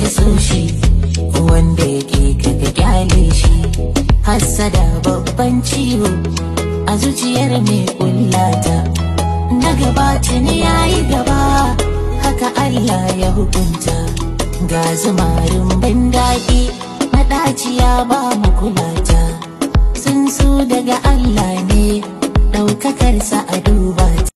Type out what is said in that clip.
ka so shi wanda ya ke ka ka shi hassada babban ciwo a zuciyar mai kullata na gaba ne ya yi gaba haka Allah ya hukunta ga zumarin ban daɗi maɗaciya ba mu kulata sun su daga Allah ne ɗaukakarsa a duba